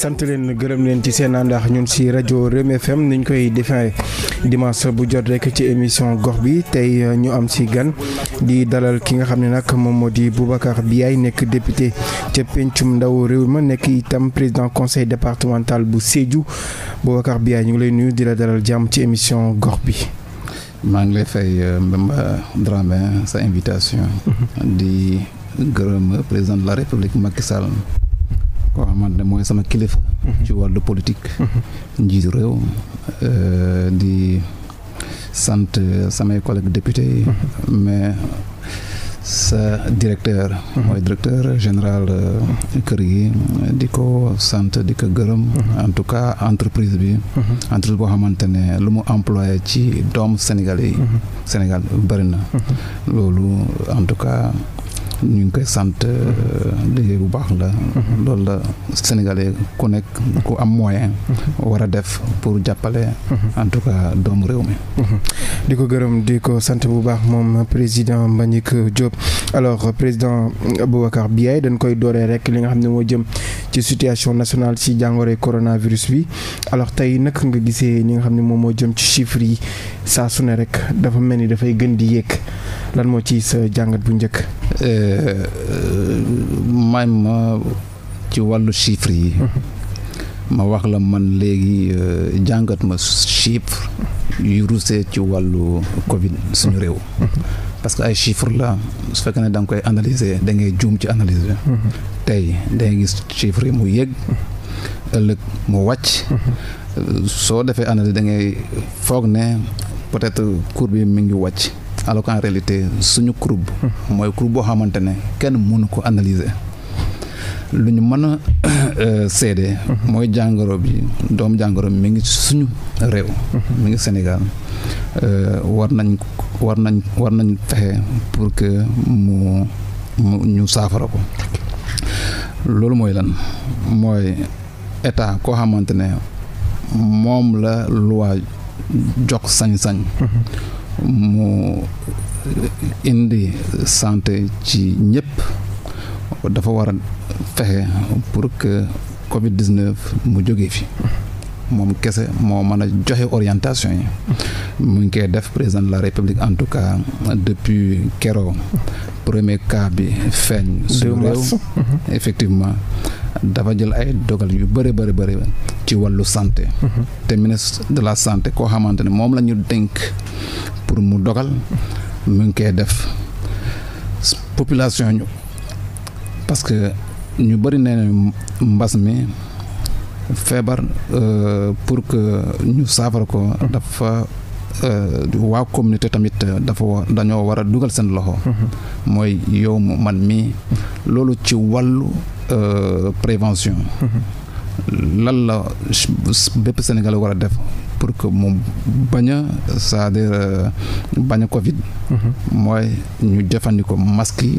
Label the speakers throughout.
Speaker 1: sant leen gërëm leen ci seen andax ñun si rajo Rewmi FM niñ koy defee dimanche bu jot rekk ci émission gox bi tey euh, ñu am si gan di dalal ki nga xam ne nag moom moo di Boubacar Biaye nekk député ca pencum ndaw réew ma nekk itam président conseil départemental bu Sédhiou Boubacar Biaye ñu ngi lay nuyu di la dalal jàmm ci émission gox bi. maa ngi lay fay euh, Mbemba euh, Dramé sa invitation.
Speaker 2: di gërëm président de koo xamante ne mooy sama kilifa. Mhm. ci wàllu politique. Mhm. njiitu réew euh, di sant euh, samay collègues député mhm. mais sa directeur. mooy directeur général euh, kër gi di ko sant di ko gërëm. en tout cas entreprise bi. entreprise boo xamante lu mu employé ci doom Sénégalais Sénégal bëri loolu en tout cas. ñu ngi koy sant euh, liggéey bu baax la mm-hmm. loolu la sénégalais ku
Speaker 1: nekk ku am moyen mm-hmm. war a def pour jàppale mm-hmm. en tout cas doomu réew mi di ko gërëm di ko sant bu baax moom président Mbagnick Diop alors président Boubacar Biaye dañ koy dooree rek li nga xam ne moo jëm ci situation nationale ci jàngoro coronavirus bi alors tey naka nga gisee li nga xam ne moom moo jëm ci chiffres yi saa sune rek dafa mel ni dafay gën di yéeg lan moo ci sa jàngat bu njëkk. Euh, may ma ci wàllu chiffres yi. Mm-hmm.
Speaker 2: ma wax la man léegi euh, jàngat ma chiffre yu rusee ci wàllu Covid suñu réew. Mm-hmm. parce que ay chiffres la su fekkee ne da nga koy analyser da ngay juum ci analyse bi. Mm-hmm. tey da gis chiffres yi mu yéeg. ëllëg mu wàcc. Euh, soo defee analyse dangay ngay foog ne peut-être courbe bi mi ngi wàcc. alors réalité suñu courbe mooy courbe boo xamante ne kenn mënu ko analyser lu ñu mën a euh, seede mooy jàngaro bi doomu jàngoro bi mi ngi suñu réew mi ngi Sénégal euh, war nañ war nañ war nañ fexe pour que mu mu ñu saafara ko loolu mooy lan mooy état koo xamante ne moom la loi jox sañ-sañ mu indi santé ci ñëpp dafa war a fexe pour que Covid 19 mu jóge fi. moom kese moo mën a joxe orientation yi mu ngi koy def président de la république en tout cas depuis keroo premier cas bi feeñ suñu réew mhm. effectivement dafa jël ay dogal yu bëri bëri bëri ci wàllu santé mhm. te ministre de la santé koo xamante ne moom la ñu dénk pour mu dogal mu ngi koy def population ñu parce que ñu bëri nee mbas mi feebar euh, pour que ñu saafara ko mhm. dafa Euh, waa communauté tamit euh, dafa dañoo war a dugal seen loxo. Mm-hmm. mooy yow man mi mm-hmm. loolu ci wàllu euh, prévention. Mm-hmm. lan la bépp Sénégal war a def pour que mu bañ a cest Covid. mooy ñu jëfandikoo masque yi.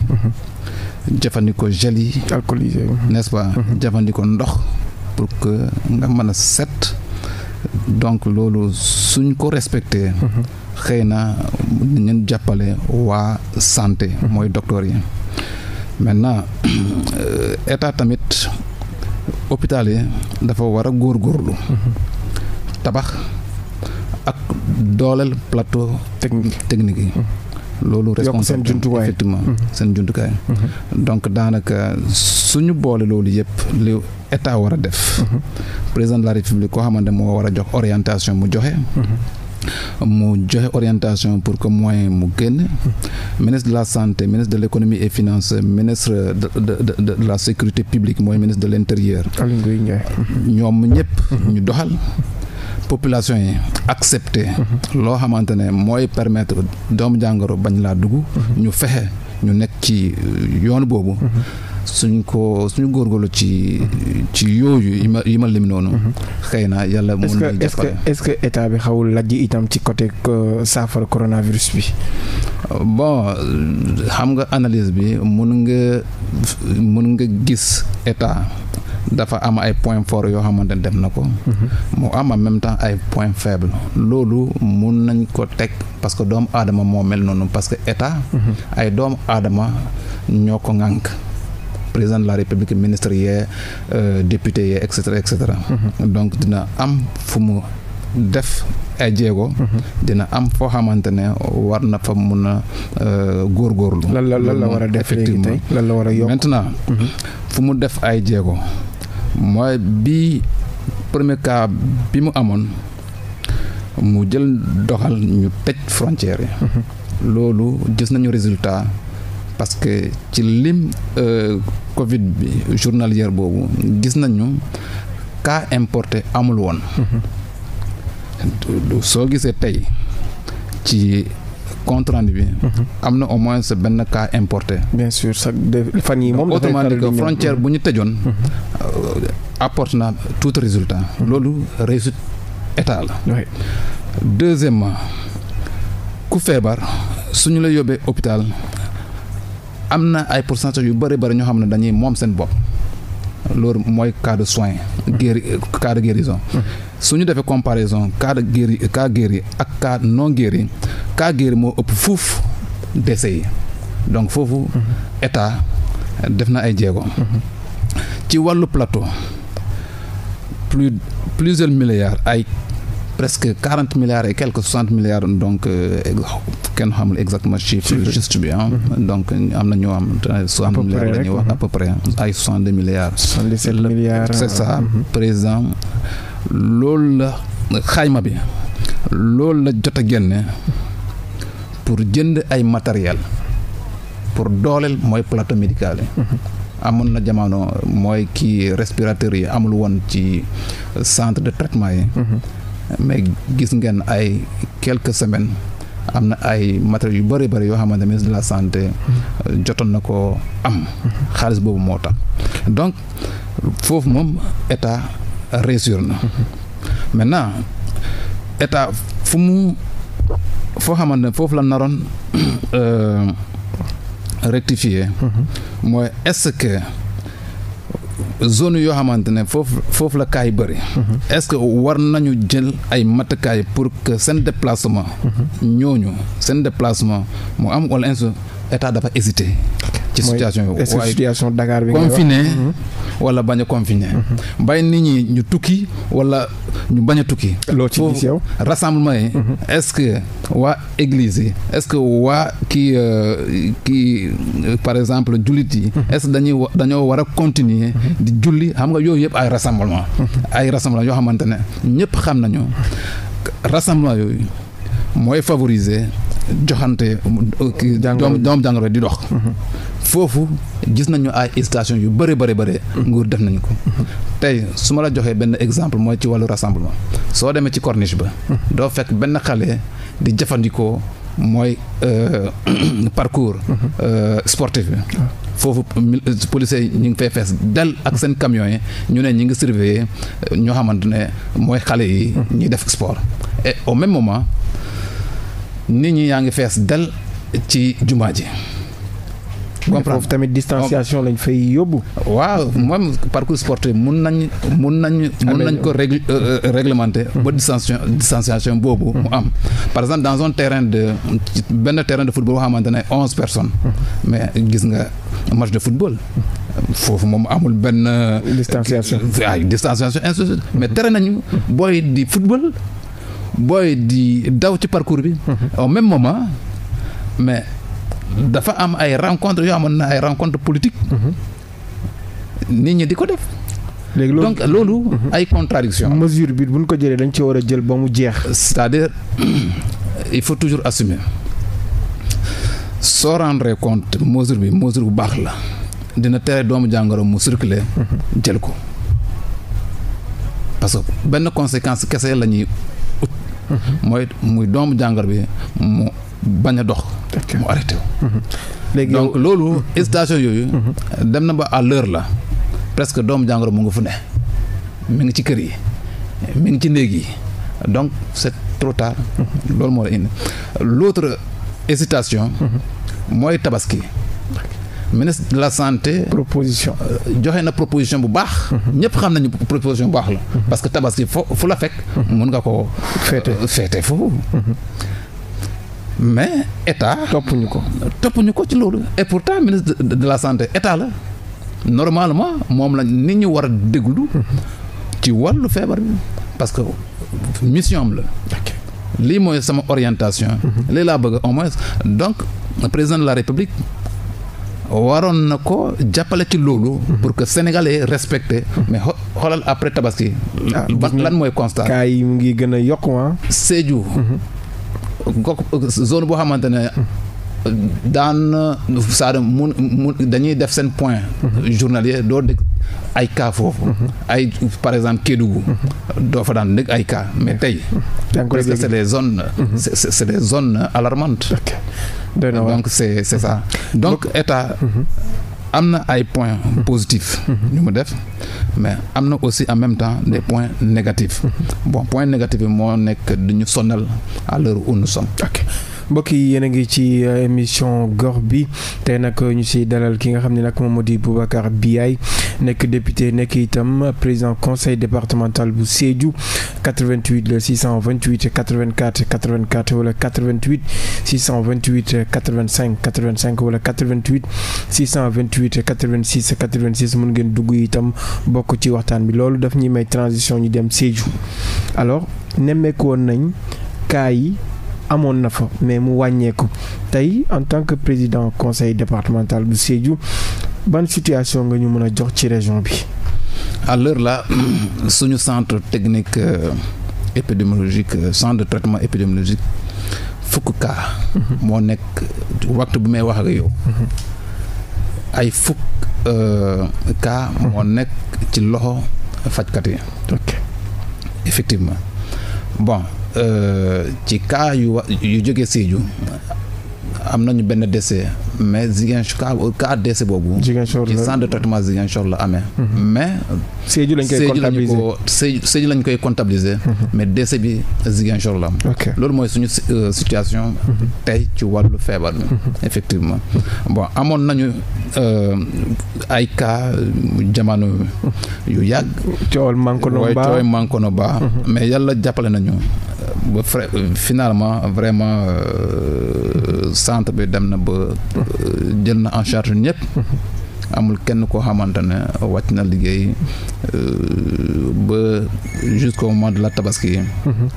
Speaker 2: jëfandikoo gel yi. alcoolisé nest pas. jëfandikoo ndox pour que nga mën set. donc loolu suñ ko respecté xëy na ñun jàppale waa santé mooy docteur yi maintenant euh, état tamit hôpital yi dafa war a góor góorlu tabax ak dooleel plateau technique yi loolu responsable effectivement mhm. seen jumtukaay mhm. donc daanaka suñu boole loolu yëpp li état war a def mhm. président de la république koo xamante moo war a jox orientation mu joxe mu joxe orientation pour que moyen mu génn ministre de la santé ministre de l' économie et finance ministre de la sécurité publique mooy ministre de l' intérieur ñoom ñëpp ñu doxal population yi accepter. loo xamante ne mooy permettre doomu jàngoro bañ laa dugg. ñu fexe ñu nekk ci yoon boobu. suñ ko suñu góorgóorlu ci ci yooyu yi ma yi ma lim noonu. xëy na yàlla mun nañu jàppale.
Speaker 1: est-ce que état bi xawul lajj itam ci côté euh, saafara coronavirus bi. bon xam nga analyse bi
Speaker 2: mun nga mun nga gis état. dafa am ay point fort yoo xamante ne def na ko mhm. mu am en même temps ay point faible loolu mun nañ ko teg parce que doomu aadama moo mel noonu parce que état mhm. ay doomu aadama ñoo ko ŋànk président de la république ministre yee euh, député yee et cetera et cetera mhm. donc dina am fu mu def ay jéego am foo xamante ne war na fa mun a euh, góorgóorlu lan la war a def effectivement lan la war a yokk fu mu def ay jéego mooy bi premier cas bi mu amoon mu jël doxal ñu tëj frontière yi. Mhm. loolu gis nañu résultat parce que ci lim euh, Covid bi journalière boobu gis nañu cas importe amul woon. Mhm. soo gisee tey ci. compte bi. Mhm. am na au moins benn cas importé. bien sûr sax fan yii moom dafay autrement bu ñu tëjoon. Mhm. Euh, apporte na tout résultat. Mhm. loolu réussite état la. deuxièmement ku feebar su ñu la yóbbee hôpital am na ay pour pourcentage yu bëri bëri ñoo xam ne dañuy moom seen bopp. loolu mooy cas de soin. guéri cas de guérison. su ñu defee comparaison cas de guéri cas ak cas non guéri cas guéri moo ëpp fuuf décès yi donc foofu. état def na ay jéego. ci wàllu plateau plus plusieurs milliards ay. presque quarante milliards et quelques soixante milliards donc euh, kenn xamul exactement chiffre juste bi ah donc am na ñoo am soixante milliards wax mhm. à peu près ay soixante deux milliards soixante-dix-sept milliards c'est ça mhm. président loolu la xayma bi loolu la jot a génne pour jënd ay matériel pour dooleel mooy plateau médical yi amoon na jamono mooy kii respirateur yi amul woon ci centre de traitement yi mais gis ngeen ay quelques semaines am na ay matériels yu bëri bari yoo xamante ne ministre de la santé mhm. jotoon na ko am mhm. xaalis boobu moo tax donc foofu moom état réussir na mhm. maintenant état fu mu foo xamante ne foofu la naroon euh, rectifier mooy est zone yoo xamante ne foofu foofu la kaay bëri. Mhm. est-ce que war nañu jël ay matukaay pour que seen déplacement. Mhm. ñooñu seen déplacement mu am wala insu état dafa hésité.
Speaker 1: ci situation yooyu est-ce que situation Dakar mhm.
Speaker 2: wala bañ a confiné mhm. bàyyi nit ñi ñu tukki wala ñu bañ a tukki loo ci gis yow rassemblement yi mhm. est-ce que waa église yi est-ce que waa kii euh, kii euh, par exemple jullit yi est-ce que dañuy dañoo war a continuer di julli xam nga yooyu yëpp ay rassemblement ay rassemblement yoo xamante ne ñëpp xam nañu rassemblement yooyu mooy favoriser joxante euh, doom jàngoro di dox mhm. foofu gis nañu ay station yu bëri bare bëri nguur def nañu ko mhm. tey su ma la joxee benn exemple mooy ci wàllu rassemblement soo demee ci corniche ba mhm. doo fekk benn xale di jafandikoo mooy euh, parcours euh, sportif bi ah. foofu policiers yi ñu ngi fay fees del ak seen camions yi ñu ne ñu ngi surveiller ñoo xamante ne mooy xale yi ñuy def sport et au même moment nit ñi yaa ngi fees del ci jumaa ji. comprendre foofu tamit distanciation lañ fay yóbbu. waaw moom parcours sportif mun nañ mun nañ. mun nañ ko régl euh, euh, réglementer. ba hmm. distanciation boobu. mu am par exemple dans un terrain de benn terrain de football boo xamante onze personnes. Hmm. mais gis nga match de football. foofu moom amul benn. distanciation euh, ay distanciation mais tere nañu booy di football. booy di daw ci parcours bi. Mhm. au même moment mais dafa am ay rencontres yoo amoon na ay
Speaker 1: rencontres politiques. Mhm. nit ñi di ko def. léegi loolu donc loolu. Mhm. ay contradiction mesure bi bu ñu ko jëlee dañu ci war a jël ba mu jeex. c'est-à-dire
Speaker 2: il faut toujours assumer soo rendre compte mesure bi mesure bu baax la dina tere doomu jàngoro mu circuler. jël ko parce que benn conséquence kese la mooy muy doomu jàngoro bi mu bañ a dox. Mhm. léegi donc loolu mhm. station yooyu. Mhm. dem na ba à l'heure la presque doomu jàngoro mu ngi fu ne mu ngi ci kër yi mi ngi ci néeg yi donc c'est trop tard. loolu moo la indi l'autre hésitation. mooy tabaski. ministre de la santé. proposition euh, joxe na proposition bu baax. Mhm. ñëpp xam nañu proposition bu baax la. Mhm. parce que tabaski fo fu la fekk. Mhm. mun nga koo féete euh, féete foofu. mais état. ñu ko toppuñu ko ci loolu. et pourtant ministre de la santé état la normalement moom la nit ñu war a déglu. ci wàllu feebar bi parce que mission am la. lii mooy sama orientation. lii laa bëgg au moins donc président de la république. waroon na ko jàppale ci loolu. pour que sénégalais respecté. mais xoolal après tabaski. Ah, lan mooy constat.
Speaker 1: kaa yi mu ngi gën a yokku ah. Sédhiou. Mhm.
Speaker 2: Euh, zone boo xamante daan saa mun mun dañuy def seen point journalier doo dégg ay cas foofu ay par exemple Kédougou doo fa daan dégg ay cas mais tey parce que c'est des zones c'est des zones alarmantes donc c'est ça mm-hmm. donc état mm-hmm. am na ay points mm-hmm. positifs ñu mu def mais am na aussi en même temps
Speaker 1: des point négatifs bon point négatif bi moo nekk du ñu sonal à l'heure où nous mbokk yi yéen a ngi ci euh, émission gox bi tey nag euh, ñu siy dalal ki nga xam ne nag moom moo di Boubacar Biaye nekk député nekk itam président conseil départemental bu Sédhiou 88 le 628 84 84 wala 88 628 85 85 wala 88 628 86 86 mun ngeen dugg itam bokk ci waxtaan bi loolu daf ñuy may transition ñu dem Sédhiou alors nemmeeku woon nañ kaa yi. amoon na fa mais mu wàññeeku tey en tant que président conseil départemental bu Sédhiou ban situation nga ñu mën a jox ci région bi.
Speaker 2: à leur la suñu centre technique euh, épidémiologique euh, centre de traitement épidémiologique fukk cas. Mhm. moo nekk waxtu bu may wax ak yow. Mhm. ay fukk cas euh, mhm. moo nekk ci loxo fajkat yi. effectivement bon. Euh, ci cas yu wa yu jóge Sédhiou am nañu benn décès mais Ziguinchor cas cas décès boobu. Ziguinchor la ci centre de traitement Ziguinchor la amee. Mhm. mais Sédhiou lañ koy comptabiliser Sédhiou lañ koy comptabiliser. Mhm. mais décès bi Ziguinchor la loolu mooy suñu euh, situation. Mhm. tey ci wàllu feebar bi. effectivement bon amoon nañu euh, ay cas jamono yu yàgg. coowal Mankono Ba waaye coowal Mankono Ba. mais yàlla jàppale nañu euh, ba finalement vraiment centre bi dem na ba. Euh, jël na en charge ñëpp. amul kenn koo xamante ne wàcc na liggéey euh, ba jusqu'au moment de la tabaski. Mm-hmm.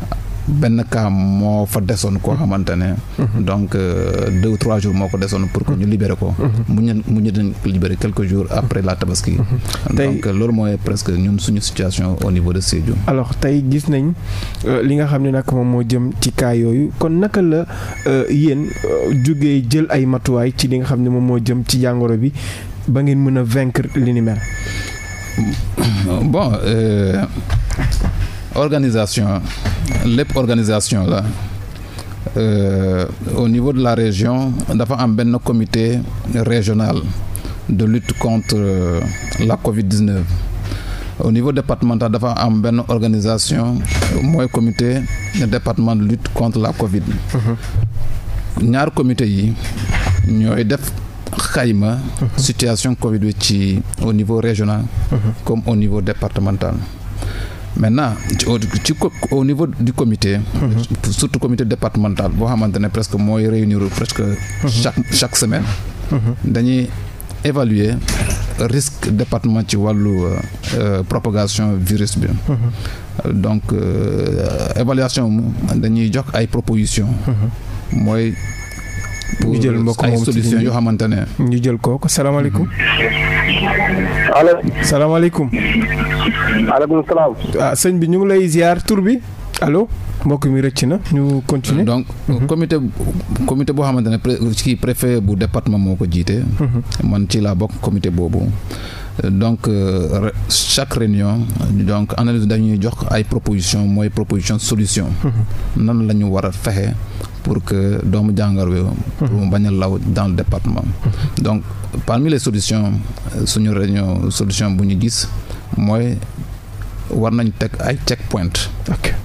Speaker 2: benn kaam moo fa desoon koo xamante ne. Mhm. donc euh, deux ou trois jours moo ko desoon pour que ñu mhm. libéré ko. Mhm. mu ñu mu ñu dañ
Speaker 1: ko libéré quelques jours après la tabaski. donc loolu mooy presque ñun suñu situation au niveau de Sédhiou. alors tey gis nañ euh, li nga xam ne nag moom moo jëm ci cas yooyu kon naka la euh, yéen jóge jël ay matuwaay ci li nga xam ne moom moo jëm ci jàngoro bi ba ngeen mën a vaincre li ni bon.
Speaker 2: organisation lépp organisation la euh, au niveau de la région dafa am benn comité régional de lutte contre euh, la Covid-19 au niveau départemental dafa am benn organisation mooy comité département de lutte contre la Covid mm-hmm. ñaar comité yi ñooy def xayma mm-hmm. situation Covid bi ci au niveau régional mm-hmm. comme au niveau départemental maintenant ci au ci au niveau du comité. Mhm. surtout comité départemental boo xamante ne presque mooy réunir presque. Mhm. chaque chaque semaine. Mhm. dañuy évaluer risque département ci wàllu euh, euh, propagation virus bi. donc euh, évaluation dañuy jox ay propositions. mooy ñu jël mbokk moom solution yoo xamante ne. ñu
Speaker 1: jël kooku salaamaaleykum. allo. salaamaaleykum. maaleykum salaam. ah sëñ bi ñu lay ziar tur alo mbokk mi rëcc na ñu continuer donc mhm.
Speaker 2: comité comité boo xamante ne kii préfet bu département moo ko jiite. Mhm. man ci laa bokk comité boobu. donc euh, chaque réunion donc analyse dañuy jox ay proposition mooy proposition solution mhm. nan la ñu war a fexe pour que doomu jàngar wi pour mu bañ a law dans le département mhm. donc parmi les solutions euh, suñu réunion solution bu ñu gis mooy war nañ teg ay check point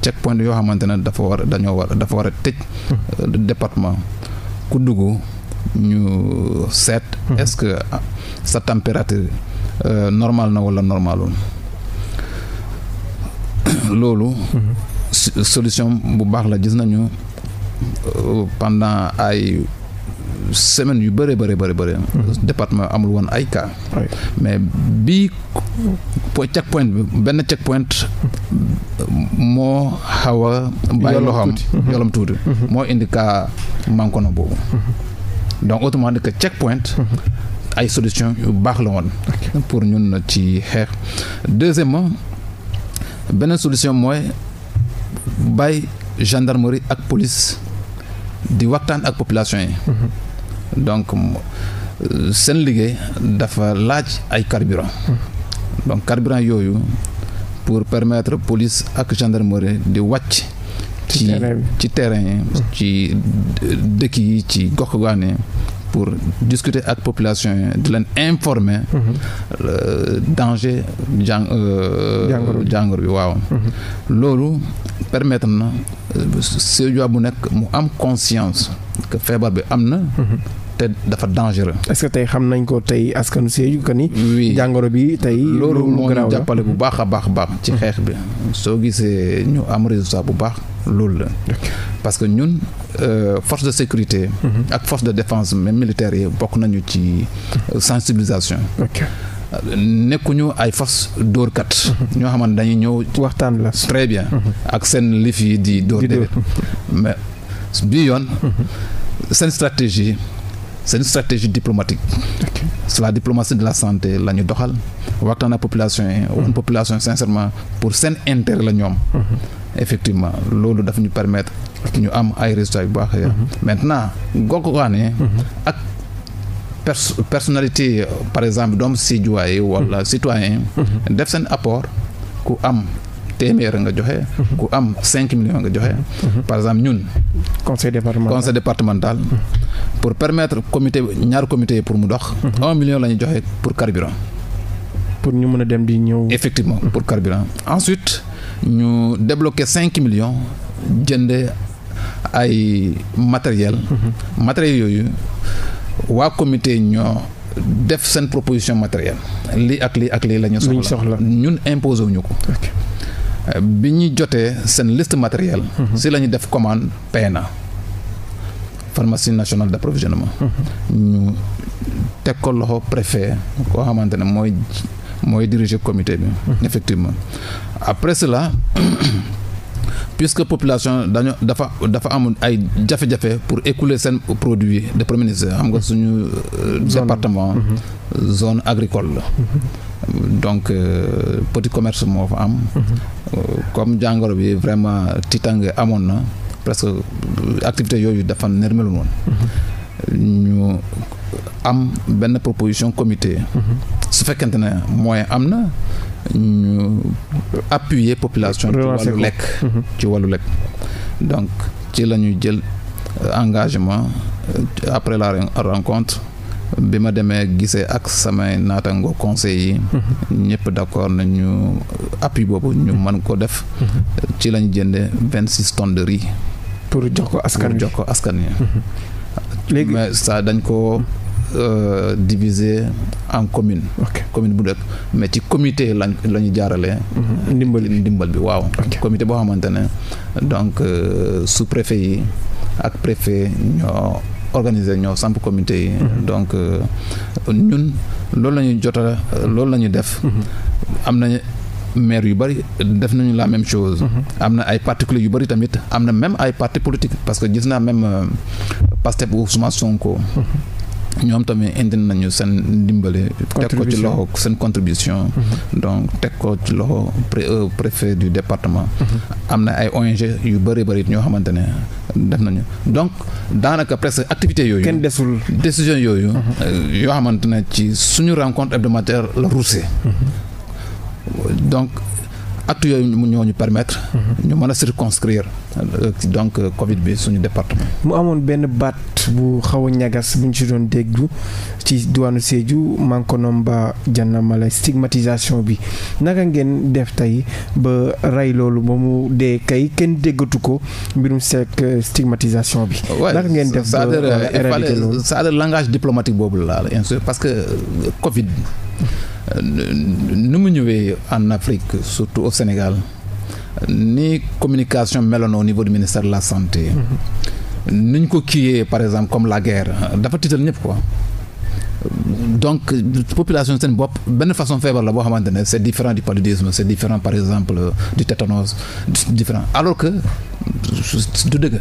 Speaker 2: check point yoo xamante ne dafa war dañoo war dafa war a tëj mhm. euh, département ku dugg ñu seet est-ce que sa température Euh, normal na walla normalul loolu mhm. solution bu baax la gis nañu euh, pandant ay semaine yu bëre bëre bëre bëre amul woon ay cas mais bii check point bi benn check point moo xaw bàyyi loxoom yolam tuuti mhm. mhm. moo indi cas manquono boobu donc autrement dit que check point ay solution yu baax la woon pour ñun ci xeex deuxièmement benn solution mooy bàyyi gendarmerie ak police di waxtaan ak population yi
Speaker 1: mhm.
Speaker 2: donc euh, seen liggéey dafa laaj ay carburant mhm. donc carburant yooyu pour permettre police ak gendarmerie di wàcc ci ci terrain ci dëkk yi ci gox goxaan pour discuter ak population yi di leen informer. Mhm. danger jàng euh, jàngoro bi waaw. Mhm. loolu permettre na soo euh, bu nekk mu am conscience que feebar bi am na. Mhm. te dafa dangereux.
Speaker 1: est-ce que tey xam nañ koo tey askanu Sédhiou que ni. oui jàngoro bi tey. loolu moo ñu jàppale
Speaker 2: bu baax a baax baax. ci mm-hmm. xeex bi soo gisee ñu am bu baax loolu la. parce que ñun euh, force de sécurité. Mm-hmm. ak force de défense même militaire yi bokk nañu ci sensibilisation. nekkuñu ay fas dóorkat. Mm-hmm. ñoo xamante dañuy ñëw. waxtaan la très bien. ak seen lif di. dóor déedéet mais bi yoon. seen stratégie c'est une stratégie diplomatique okay. la diplomatie de la santé la ñu doxal waxtaan ak population yi woon population sincèrement pour seen intérêt la ñoom effectivement loolu daf ñu permettre ñu am ay résultats yu baax maintenant gox-goxaan yi ak pers personnalité par exemple doomu si juwaay wala citoyen def seen apport ku am téeméer nga joxe. ku am cinq millions nga joxe. par exemple ñun. conseil départemental conseil départemental. pour permettre comité ñaar comité yi pour mu dox. Mhm. million la ñuy joxe pour carburant. pour ñu mën a dem di ñëw. effectivement mhm. pour carburant. ensuite ñu débloqué cinq millions jënde ay matériel mhm. matériel yooyu waa comité ñoo. def seen proposition matérielle lii ak lii ak lii la soxla ñun imposé ko bi ñu jotee seen liste matériel mhm. si la def commande PNA pharmacie nationale d' approvisionnement mhm. ñu teg ko loxo préfet koo xamante ne mooy mooy diriger commité bi mhm. effectivement après cela puisque population dañu dafa dafa am ay jafe-jafe pour écouler seen produit de premier ministre xam nga suñu euh, département zone agricole la donc euh, petit commerce moo fa am. Mhm. Euh, comme jàngoro bi vraiment tiitange amoon na presque euh, activité yooyu dafa nermelu woon.
Speaker 1: Mhm.
Speaker 2: ñu am benn proposition comité. Mhm. su fekkente ne moyen am na ñu appuyer population. ci wàllu lekk ci wàllu lekk. donc ci la ñu jël engagement après la rencontre. bi ma demee gisee ak samay naatango conseil yi mhm. ñëpp d'accord nañu appui boobu ñu mën ko def mhm. ci lañ jënde vingt six tonnes de riz pour jox ko askan jox ko askan yi mhm. mais ça dañ ko Euh, divisé en commune commune bu nekk mais ci comité lañ la ñu jaaralee ndimbal bi waaw comité boo xamante ne donc euh, préfet yi ak préfet ñoo organiser ñoo samp comité yi. Mhm. donc euh, ñun loolu la ñu jot mhm. loolu la ñu def. Mhm. am nañu maire yu bari def nañu la même chose. am na ay particuliers yu bëri tamit am na même ay parti politique parce que gis naa même euh, Pastef Ousmane Sonko. ñoom tamit indi nañu seen ndimbale. teg ko ci loxo seen contribution. Mm-hmm. donc teg ko ci loxo euh, préfet du département. Mm-hmm. am na ay ONG yu bëri bëri ñoo xamante ne def nañu donc daanaka presque activité yooyu. kenn desul décision yooyu. Mm-hmm. Euh, yoo xamante ne ci suñu rencontre hebdomadaire la ruusee. donc acte yooyu mu ñoo ñu permettre. ñu mën a circonscrire euh, donc euh, Covid bi suñu département. mu
Speaker 1: amoon benn baat bu xaw a ñagas bu ñu si doon déglu ci diwaanu Sédhiou Mankonomba Janamala stigmatisation bi naka ngeen def tey ba rey loolu ba mu dee kay kenn déggatu ko mbirum sekk euh, stigmatisation bi. naka ngeen def ba éradiquer loolu
Speaker 2: c'est-à-dire langage diplomatique boobu la parce que Covid. ni mu ñëwee en Afrique surtout au Sénégal ni communication meloon au niveau du ministère de la santé. ni ñu ko kiiyee par exemple comme la guerre dafa tiital ñëpp quoi. donc population seen bopp benn façon feebar la boo xamante ne c' est différent du paludisme c' est différent par exemple du tétanos différent alors que du dëgg.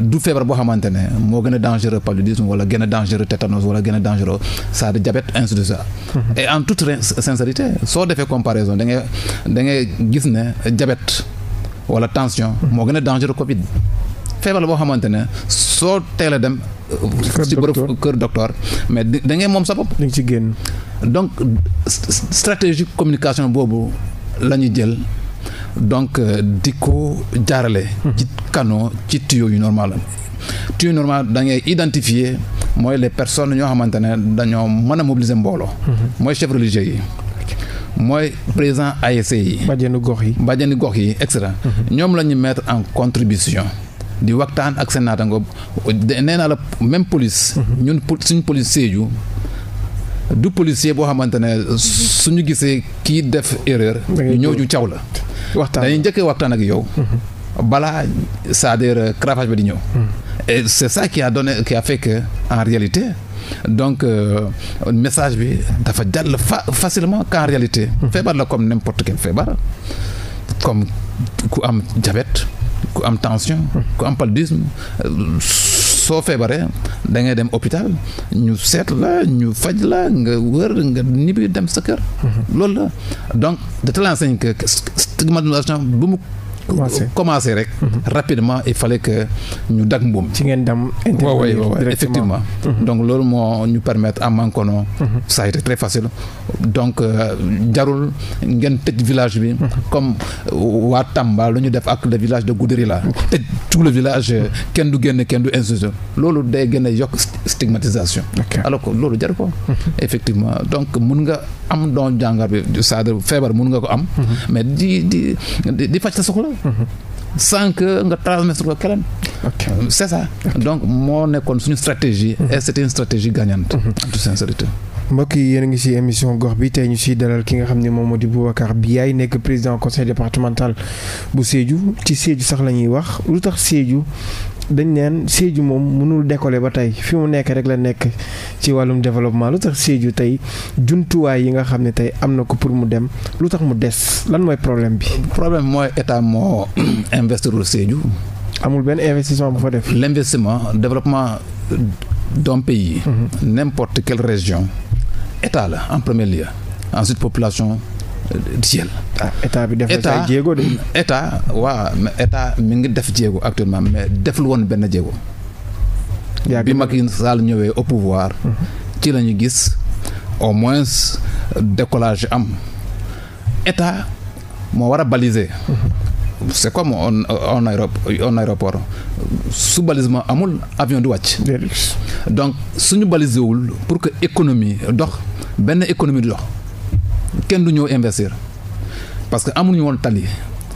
Speaker 2: du feebar boo xamante ne moo gën a dangereux paludisme wala gën a dangereux tétanos wala gën a dangereux ça de diabète ainsi de ça mhm. et en toute sincérité soo defee comparaison da ngay gis ne diabète wala tension mhm. moo gën a dangereux covid feebar la boo xamante ne soo teel a dem euh, ci bërëb mais da ngay moom sa bopp donc stratégie communication boobu la ñu jël donc euh, di ko jaarale. Mhm. ci canaux ci tuyau yu normal tuyau normal da ngay identifier mooy les personnes ñoo xamante ne dañoo mën a mobiliser mbooloo. Mhm. mooy chef religieux yi. mooy président ASC yi. bajenu gox yi bajenu gox yi et cetera. Mhm. ñoom la ñu en contribution. di waxtaan ak seen naataango nee naa la même police. ñun suñu police Sédhiou du policier boo xamante ne suñu gisee kii def erreur. ñëw ju caw la. waxtaan dañuy njëkk waxtaan ak yow. Mhm. balaa c'est-à-dire euh, Cravache ba di ñëw. Mhm. et c'est ça qui a donné qui a fait en réalité. donc euh, message bi dafa jàll fa facilement qu'en réalité. Mhm. feebar la comme n'importe quel feebar comme ku am diabète ku am tension. ku am paludisme. Euh, soo feebaree dangay dem hôpital ñu seet la ñu faj la nga wër nga ñibbi dem sa kër. Mhm. loolu la donc de telle enseigne que stigmatisation bu mu commencé rek. Mhm. rapidement il fallait que ñu dag mbuum. ci ngeen dem intervenir effectivement. Mhm. donc loolu mhm. a été très facile donc euh, jarul ngeen bi. comme euh, waa Tamba lu ñu def ak le village de la tëj tout le village euh, kenn du génn kenn du institution loolu day gën a yokk stigmatisation. alors que loolu jaru mun nga am doon jàngat bi cest à feebar mun nga ko am. mais di faj sa soxla. sans que nga transmettre ko keneen. ok c' est ça. donc moo nekkoon suñu stratégie. Mhm. et c' était une stratégie gagnante. Mhm. en toute sincérité.
Speaker 1: mbokk yi yéen a ngi ci émission gox bi tey ñu si dalal ki nga xam ni moom moo di Boubacar yaay nekk président conseil départemental bu Sédhiou ci Sédhiou sax la ñuy wax lu tax Sédhiou dañ neen Sédhiou moom mënul décoller ba tey fi mu nekk rek la nekk ci wàllum développement lu tax Sédhiou tey jumtuwaay yi nga xam ne tey am na ko pour mu dem lu tax mu des lan mooy problème bi. problème mooy état moo investirul Sédhiou. amul benn investissement bu fa def. l' investissement
Speaker 2: développement d'un pays. Mhm. n' importe quelle région état la en premier lieu ensuite population. di jël. Ah, état bi def na say jéego de. état waa état mi ngi def jéego actuellement mais deful woon benn jéego. bi Macky Sall ñëwee au pouvoir. Mhm. ci lañu gis au moins décollage am état moo war a baliser. Mhm. c'est comme on on on aéroport su balisement amul avion du wàcc. donc suñu balisewul pour que économie dox benn économie du dox. kenn du ñëw investir parce que amuñu woon tali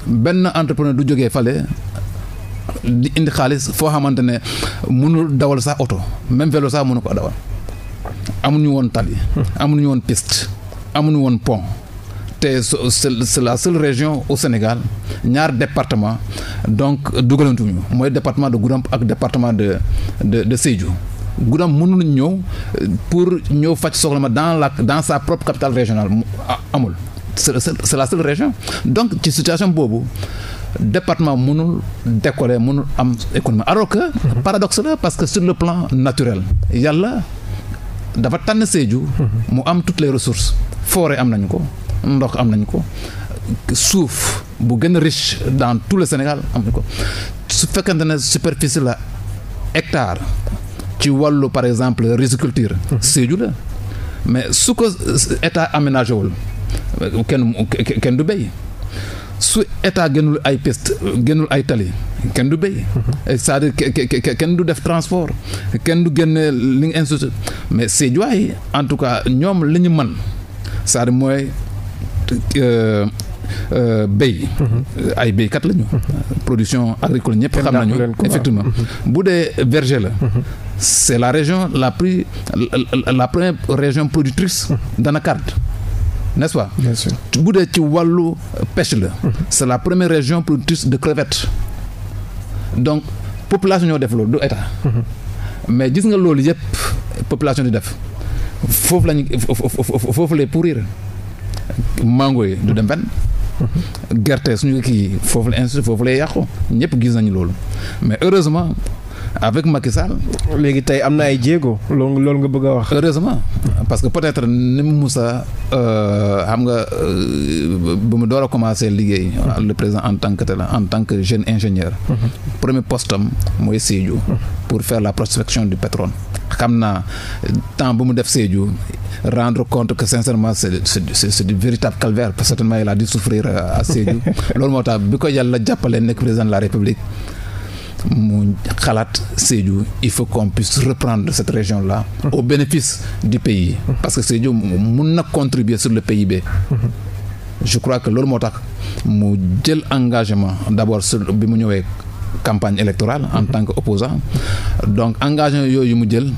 Speaker 2: benn entrepreneur du jógee fale di indi xaalis foo xamante ne mënul dawal sax oto même velo sax mënu ko dawal amuñu woon tali. Hmm. amuñu woon piste amuñu woon pont. te c'est la seule région au Sénégal ñaar département donc dugalantuñu mooy département de Goudomp ak département de de de Sédhiou Goudomp mënul ñëw euh, pour ñëw faj soxla ma dans la dans sa propre capitale régionale amul c'est la seule région donc ci situation boobu département mënul décoller mënul am économie alors que mhm. paradoxe la parce que sur le plan naturel yàlla dafa tànn Sédhiou mhm. mu am toutes les ressources forêt am nañu ko ndox am nañu ko suuf bu gën a riche dans tout le Sénégal am nañu ko su fekkente ne superficie la hectare ci wàllu par exemple riziculture Sédhiou la mais su ko état aménagé wul kenn kenn du béy su état gënul ay piste gënul ay tali kenn du béy cest à kenn du def transport kenn du génne li nga mais Sédhiou yi en tout cas ñoom li ñu mën c'est-à-dire mooy euh, euh, béy ay béykat la ñu production agricole ñëpp xam nañu effectivement mhm. bu dee verger la mhm. c'est la région la plus la, la première région productrice dana carte n'est-ce pas bien bu dee ci wàllu pêche la c'est la première région productrice de crevettes donc population ñoo def loolu du état mais gis nga loolu yëpp population di def foofu lañu foofu lay mango yi du dem fenn kii foofu la institut foofu lay yàqu ñëpp gis nañu loolu mais heureusement avec Macky Sall. léegi tey am na ay jéego. loolu loolu nga bëgg a wax. heureusement parce que peut-être ni Moussa euh, xam nga euh, bu mu door a commencé liggéey. le président en tant que tel en tant que jeune ingénieur. Mhm. premier poste am mooy Sédhiou. Mhm. pour faire la prospection du pétrole. xam naa temps bu mu def Sédhiou rendre compte que sincèrement c'est du véritable calvaire parce certainement il a dû souffrir euh, à Sédhiou loolu moo tax bi ko yàlla jàppale nekk président de la République. mu xalaat Sédhiou il faut qu'on puisse de cette région la mm-hmm. au bénéfice du pays mm-hmm. parce que Sédhiou mun na contribuer sur le PIB
Speaker 1: mm-hmm.
Speaker 2: je crois que loolu moo tax mu jël engagement d'abord sur bi mu ñëwee campagne électorale en tant que opposant donc engagement yooyu mu jël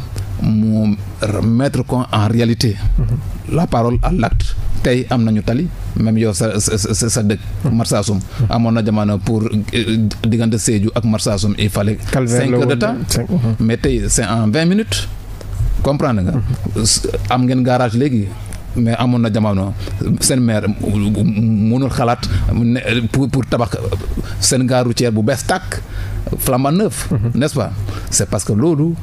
Speaker 2: mu remettre ko en réalité mm-hmm. la parole à l'acte tey am nañu tali même yow sa sa sa dëkk mm-hmm. Marsassoum mm-hmm. amoon na jamono pour euh, diggante Sédhiou ak Marsassoum il fallait cinq de temps mais tey c'est en vingt minutes comprendre nga am ngeen garage léegi mais amoon na jamono seen maire mu mënul xalaat ne pour pour tabax seen gare routière bu bees tàkk flambant neuf. Mhm. n'est-ce pas c'est parce que loolu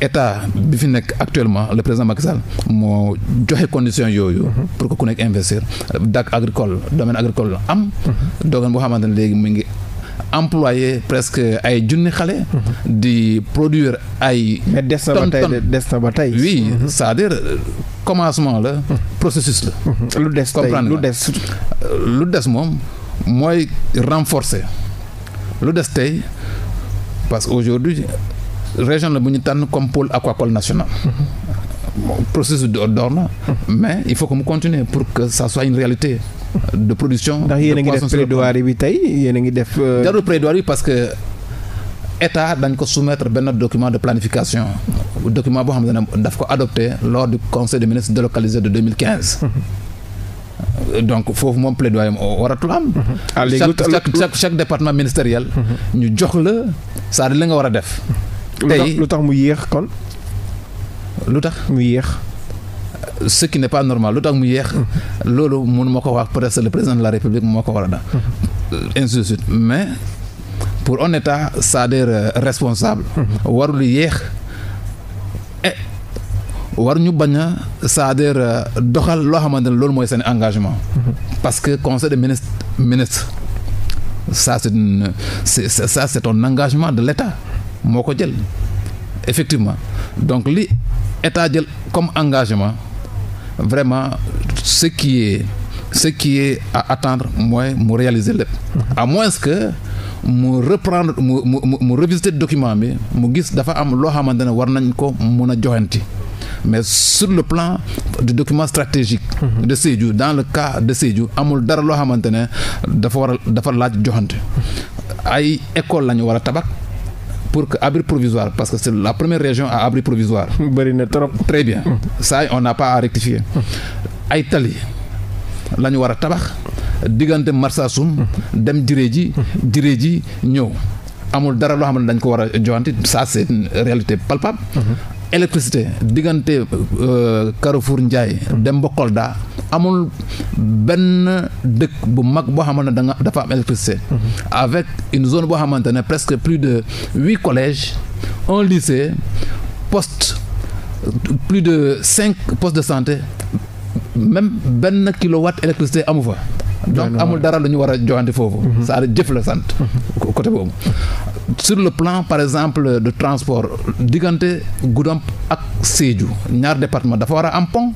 Speaker 2: état bi fi nekk actuellement le président Macky moo joxe condition yooyu. Mhm. pour que ku nekk investir dak agricole domaine agricole am. Mhm. dogan boo xamante ne léegi mu ngi. employé presque ay junni xale. Mhm. di produire ay. mais des na ba tey des na ba mhm. dire commencement la. Mhm. processus la. lu des tey lu des euh, lu des moom mooy renforcer lu des tey parce que aujourd'hui région la bu ñu tànn comme pôle aquacole national. processus door na mais il faut que mu continuer pour que ça soit une réalité. de production. ndax yéen a ngi def plaidoirie bi tey yéen a ngi def. Euh, jarul plaidoirie parce que état dañ ko soumettre benn document de planification document boo xam ne daf ko adopté lors du conseil des ministres délocalisé de 2015. donc foofu moom plaidoyer moo waratul am. à ah, chaque chaque département ministériel. Mhm. ñu jox la saa di la nga war a def. lu tax mu yéex kon. lu tax mu yéex. ce qui n'est pas normal lu tax mu yéex. loolu mun ma ko wax peut le président de la république moo ko war a def. Euh, ainsi de suite mais pour un état c'est-à-dire euh, responsable. warul yéex et war ñu bañ a euh, doxal loo xamante ne loolu mooy seen engagement. parce que conseil des ministres ministre ça c'est une c'est ça c'est un engagement de l'État moo ko jël effectivement donc li État jël comme engagement. vraiment ce qui est à attendre mooy mu réaliser lépp à moins que mu reprendre mu mu mu revisiter document bi mu gis dafa am loo xamante ne war nañ ko mun a joxanti mais sur le plan du document stratégique mhm. de Sédhiou dans le cas de Sédhiou amul dara loo xamante ne dafa war a dafa laaj joxante ay école lañu war a tabax pour que abri provisoire parce que c'est la première région à abri provisoire. bëri na trop. très bien ça on n'a pas à rectifier. ay tali la ñu war a tabax diggante Marsassoum dem Diré ji Diré ji ñëw amul dara loo xam ne dañ ko war a joxante ça c'est réalité palpable. Mhm. électricité diggante euh, Carrefour Ndiaye dem ba daa amul benn dëkk bu mag boo xamante ne da nga dafa am électricité mhm. avec une zone boo xamante ne presque plus de huit collèges un lycée poste plus de cinq postes de santé même benn kilowatt électricité amu fa donc amul dara lu ñu war a joxante foofu. Mhm. cest à jëf la sant. Mhm. côté boobu sur le plan par exemple de transport diggante Goudomp ak Sédhiou ñaar département dafa war a am pont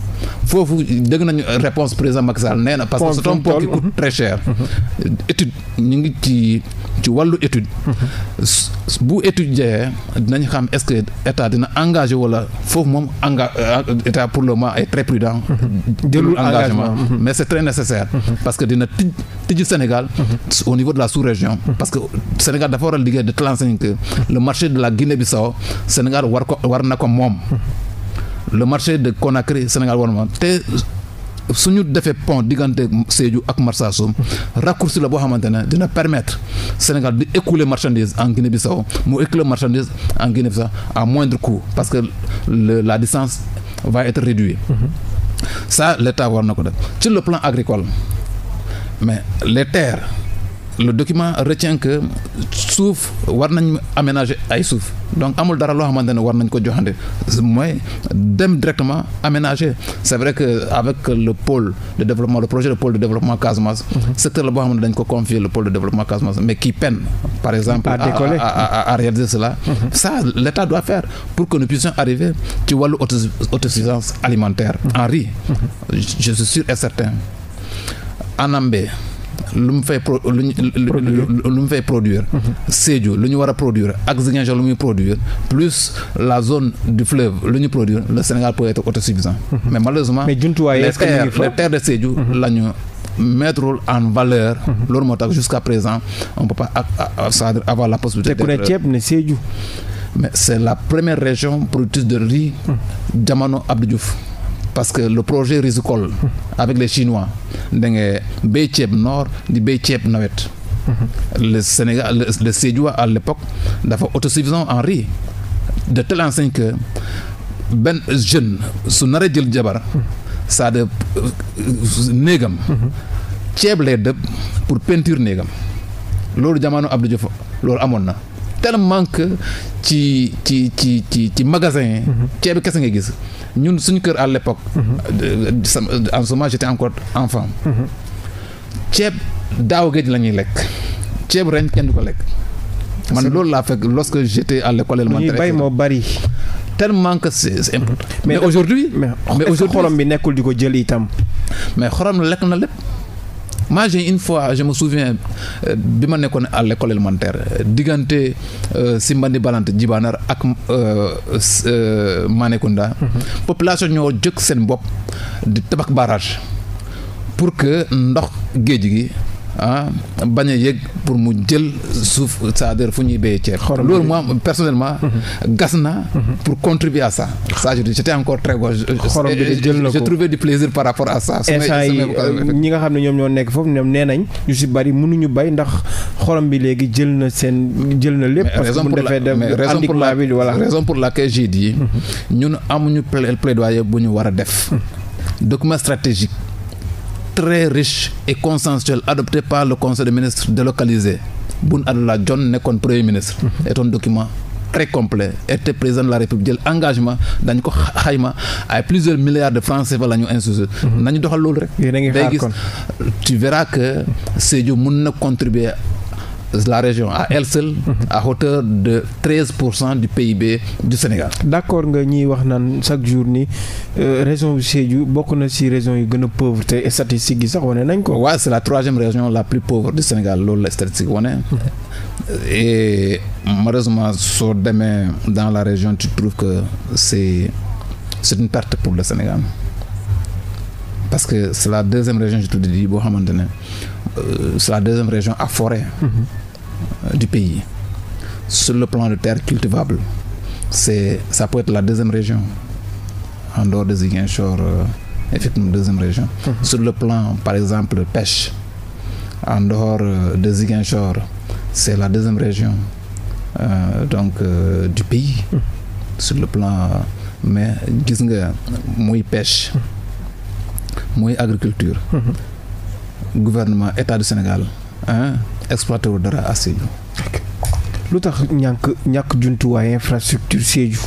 Speaker 2: foofu dégg nañu réponse président Macky Sall nee na parce que c'est un pont qui coûte très cher mm-hmm. étude ñu ngi ci ci wàllu étude mm-hmm. bu étudier dinañ xam est-ce que état dina engagé wala foofu moom enga euh, état pour le moment est très prudent
Speaker 1: mm-hmm. jëlul engagement
Speaker 2: mais c'est très nécessaire parce que dina tij Sénégal au niveau de la sous-région parce que Sénégal dafa war a liggéey l'enseigne que le marché de la Guinée-Bissau Sénégal war ko war na ko moom le marché de Conakry Sénégal war na moom te suñu defee pont diggante Sédhiou ak Marsassoum raccourci la boo xamante ne dina permettre Sénégal di écouler marchandise en Guinée-Bissau mu écouler marchandise en guinée sax à moindre coût parce que le, la distance va être réduite mm l'État war na ko def ci le plan agricole mais les terres le document retient que suuf war nañ aménager ay suuf donc amul dara loo xamante ne war nañ ko joxante mooy dem directement aménager c'est vrai que avec le pôle de développement le projet de pôle de développement Casamance. Mhm. secteur la boo xam ne dañ ko confier le pôle de développement Casamance mais qui peine par exemple. à décoller à à réaliser cela. Mhm. ça l'État doit faire pour que nous puissions arriver ci wàllu autosuffisance alimentaire mhm. en riz. je suis sûr et certain lu mu fay produire. Mhm. Sédhiou lu ñu war a produire ak Ziguinchor lu muy produire plus la zone du fleuve lu ñu produire le Sénégal peut être autosuffisant. Mhm. mais malheureusement. mais jumtuwaay est-ce que les terres de Sédhiou mhm. la ñu. mettre en valeur. loolu moo tax jusqu'à présent on ne peut pas avoir la possibilité. te ku ne ceeb ne mais c'est la première région productrice de riz. jamono Abdou parce que le projet rizicole avec les Chinois da nga béy ceeb noor di bay ceeb nawet. le Sénégal le, le Sédhiou à l'époque dafa autosuffisant en riz de telle enseigne que benn jeune su naree jël jabar saa de euh, néegam ceeb lay dëb pour peinture néegam loolu jamono Abdou Diouf loolu amoon na tellement que ci ci ci ci ci magasin yi. Mhm. ceeb bi kese nga gis ñun suñu kër à l'époque. Mhm. en ce moment j'étais encore enfant. Mhm. ceeb daaw géej la ñuy lekk ceeb ren kenn ko lekk. man loolu laa fekk lorsque j'étais à l'école élémentaire. ñuy bay moo bari. mais aujourd'hui mais aujourd'hui xorom bi nekkul di ko jël itam. mais xorom lekk na lépp. moi j'ai une fois je me souviens euh, bi ma nekkoon à l'école élémentaire diggante euh, Simbandi Balante Jibanar ak euh, Manékounda mhm. population ñoo jëkk seen bopp di tabax barrage pour que ndox géej gi ah bañ a yëg pour mu jël suuf cest fu ñuy béyee ceeb. loolu moi personnellement. Mhm. gas
Speaker 1: na mhm. pour contribuer à ça. ça j'étais encore très gauche. xorom bi jël na ko
Speaker 2: par rapport a ça. instant yi
Speaker 1: ñi nga xam ne ñoom ñoo nekk foofu ñoom nee nañ ñu si bari mënuñu bay ndax xorom bi léegi jël na seen jël na lépp. parce que bu defee dem handicap bi voilà. raison
Speaker 2: pour laquelle j'ai dit. Mhm. ñun amuñu plaidoyer bu ñu war a def. document stratégique. très riche et consensuel adopté par le conseil des ministres délocalisé Boun Abdallah Dionne nekkoon premier ministre mhm. est un document très complet était président de la république jël engagement dañ ko xayma ay plusieurs milliards de francs CFA la ñu mhm. nañu doxal loolu rek tu verras que Sédhiou mën na contribuer la région à el seule à hauteur de cent du PIB
Speaker 1: du Sénégal. d'accord nga ñuy wax naan chaque jour ni euh, région bu Sédhiou bokk na si région yu gën a pauvre te statistiques yi sax nañ ko. waaw c'est la troisième région la plus pauvre du Sénégal loolu
Speaker 2: la statistique wane. et malheureusement soo demee dans la région tu trouves que c'est c'est une perte pour le Sénégal parce que c'est la deuxième région je te dis boo xamante ne euh, c'est la deuxième région à forêt. Mm-hmm. Euh, du pays. Sur le plan de terre cultivable, c'est, ça peut être la deuxième région, en dehors de Ziguinchor, euh, effectivement, deuxième région. Mmh. Sur le plan, par exemple, pêche, en dehors euh, de Ziguinchor, c'est la deuxième région euh, donc, euh, du pays. Mhm. Sur le plan, mais gis nga muy pêche, mhm. muy agriculture, mhm. gouvernement, État de Sénégal.
Speaker 1: exploité wu dara à lu tax ñàkk ñàkk jumtuwaay infrastructure Sédhiou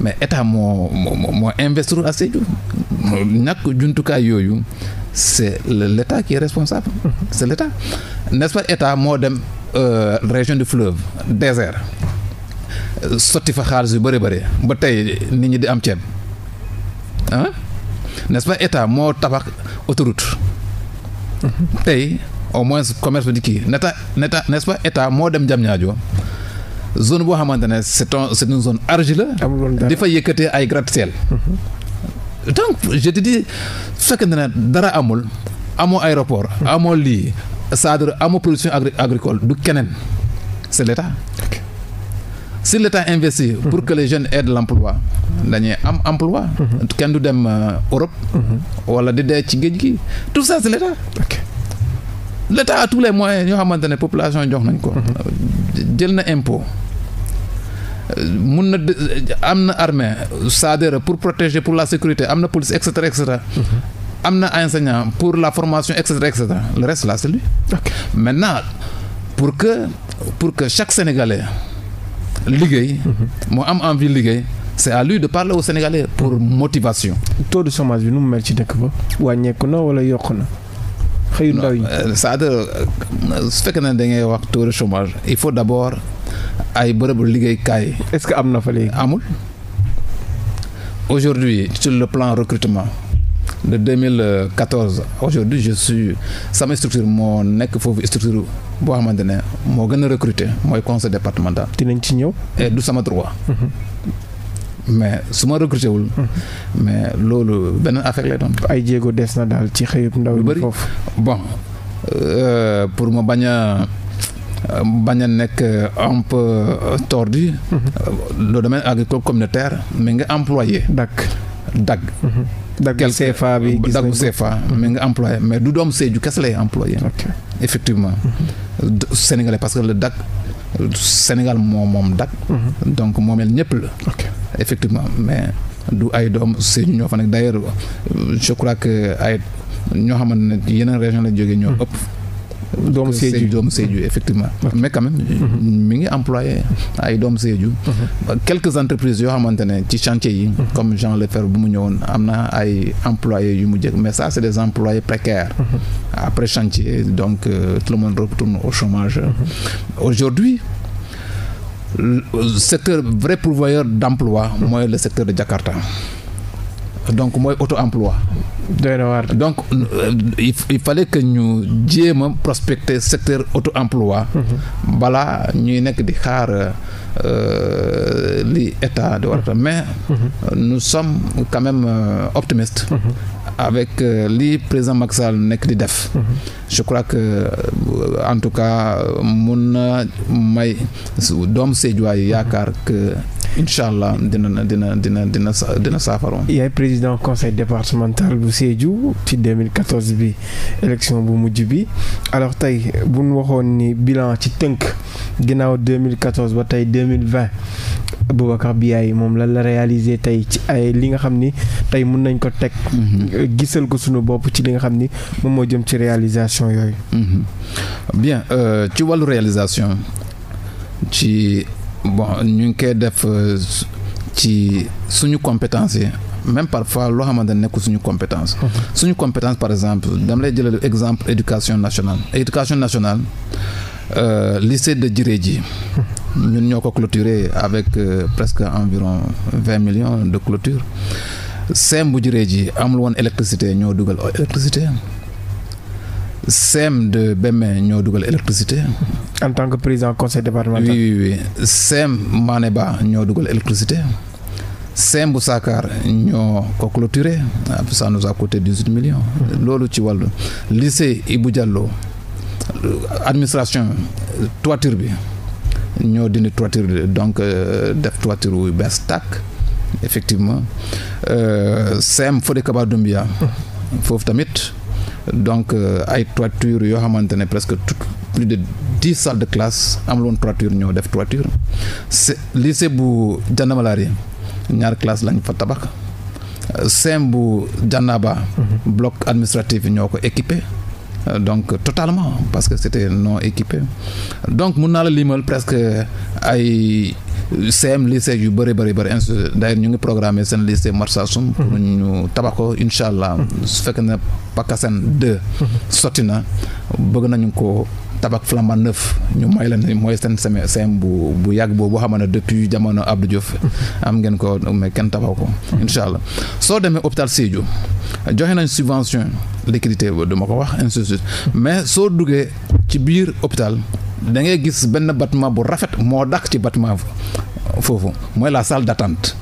Speaker 1: mais état moo moo moo investir à Sédhiou
Speaker 2: ñàkk jumtukaay yooyu c'est l'état qui est responsable mhm. c'est l'état nest pas état moo dem euh, région du fleuve désert sotti fa xaalis yu bëri bëri ba tey nit ñi di am ceeb ah nest pas état moo tabax autoroute mhm. tey au moins commerce bi di kii neta neta nest pas état moo dem jam ñaajo zone boo xamante ne c'est un c'est une zone argile di fa yëkkatee ay gratte-ciel mhm. donc je te dis su fekkee ne dara amul amoo aéroport mhm. amoo lii c'est-à-dire amoo production agricole du keneen c'est l'état si l'état investit mhm. pour que les jeunes aient de l'emploi dañuy am emploi kenn du dem euh, Europe wala di dee ci géej gi tout ça c'est l'état l' état a tous les moyens ñoo xamante ne population jox nañ ko. Mhm. jël na impôt. mun na am na armée c'est-à-dire pour protéger pour la sécurité am na police et cetera mhm. am na enseignant pour la formation et cetera et cetera le reste là c'est lui. Okay. maintenant pour que pour que chaque Sénégalais liggéey. moo mhm. am envie liggéey. c'est à lui de parler aux Sénégalais pour motivation. taux de chômage bi nu mu mel ci
Speaker 1: dëkk ba wàññeeku na wala yokk na.
Speaker 2: xëyu ndaw yi euh, c'est-à-dire euh, su fekkee ne da ngay wax taux chomage chômage il faut d'abord ay bërëbu liggéeykaay. est-ce que am na fa léegi amul. aujourd'hui su le plan recrutement de 2014 aujourd'hui je suis sama structure moo nekk foofu structure boo xamante ne moo gën a recruter mooy conseil départemental. dinañ ci ñëw. et du sama droit. Mhm. mais su ma recruté wul. Hmm. mais loolu benn affaire lay doon. ay jéego des na daal ci xëyub ndaw yi foofu bon euh, pour ma bañ a bañ a nekk un peu tordu. Hmm. Euh, le domaine agricole communautaire mi ngi employé. dakk dakk. Hmm. daggu CFA bi gis daggu CFA mi ngi employé mais du doom Sédhiou kese lay employé. effectivement. Sénégalais parce que le DAC Sénégal moom moom DAC. donc moomeel ñëpp la. effectivement mais du ay doom Sédhiou ñoo fa nekk d'ailleurs je crois que ay ñoo xamante ne yeneen région lañ jógee ñoo hmm. ëpp. doomu Sédhiou doomu Sédhiou effectivement. Okay. mais quand même. Hmm. mi ngi employé ay doomu Sédhiou. Hmm. quelques entreprises yoo xamante ne ci chantier yi. comme Jean Lefer bu mu ñëwoon am na ay employés yu mu jëkk mais ça c' des employés précaires. après chantier donc euh, tout le monde retourne au chômage. aujourd'hui secteur vrai pourvoyeur d' emploi mooy le secteur de Jakarta donc mooy auto emploi donc euh, il fallait que ñu jéem a prospecter secteur auto emploi mhm. balaa ñuy nekk di xaar euh, li état di war mais mhm. nous sommes quand euh, optimistes mhm. avec euh, li président Macky Sall nekk di def. Mhm. je crois que euh, en tout cas mun na may doom Sédhiou yaakaar que. incha allah dina
Speaker 1: dina dina dina
Speaker 2: dina saafara.
Speaker 1: yaay président conseil départemental bu Sédhiou ci 2014 bi élection bu mujj bi alors tey bu ñu waxoon ni bilan ci tënk ginnaaw 2014 ba tey 2020 Boubacar Biaye moom lan la réaliser tey ci ay li nga xam ni tey mun nañ ko teg. Mhm. gisal ko sunu bopp ci li nga xam ni moom moo jëm ci réalisation yooyu. Mhm. bien
Speaker 2: euh, ci wàllu réalisation ci. bon ñu ngi koy def euh, ci suñu compétence yi même parfois loo xamante ne nekkul suñu compétence. Mhm. suñu compétence par exemple dama lay jëlal exemple éducation nationale. éducation nationale euh, lycée de jiree ji mhm. ñun ñoo ko clôturé avec euh, presque environ million millions de clôture. sem bu ji amul woon électricité ñoo dugal électricité SEM de Bembe ñoo dugal électricité. en tant que président conseil départemental. oui oui oui SEM Maneba ñoo dugal électricité. SEM bu Saakaar ñoo ko clôturé ça nous a coûté dix huit millions. loolu ci wàllu lycée Ibou Diallo administration toiture bi ñoo dindi toiture bi donc euh, def toiture wu bees tàkk effectivement euh, SEM Fodé Kaba Doumbia foofu tamit. donc euh, ay toiture yoo xamante ne presque tout plus de dix salles de classe amuloon toiture ñoo def toiture c'est lycée bu Janamalari ñaar classe lañ fa tabax sem bu Janaba mhm. bloc administratif ñoo ko équipé donc totalement parce que c'était non équipé donc mun naa la limal presque ay CM lycée yu bëri bëri bari institut d'ailleurs ñu ngi programmé seen lycée Marsassoum pour mhm. ñu tabax ko incha allah mhm. su na ne Pakassène 2 mhm. sotti na bëgg nañu ko tabak flambant neuf ñu may leen mooy seen sem bu bu yàgg boobu xam ne depuis jamono Abdou Diouf am ngeen ko mais kenn tabax ko incha allah soo demee hôpital Sédhiou joxe nañ subvention liquidité duma ko wax ainsi mais soo duggee ci biir hôpital da ngay gis benn bâtiment bu rafet moo dàq ci bâtiment foofu mooy la salle d'attente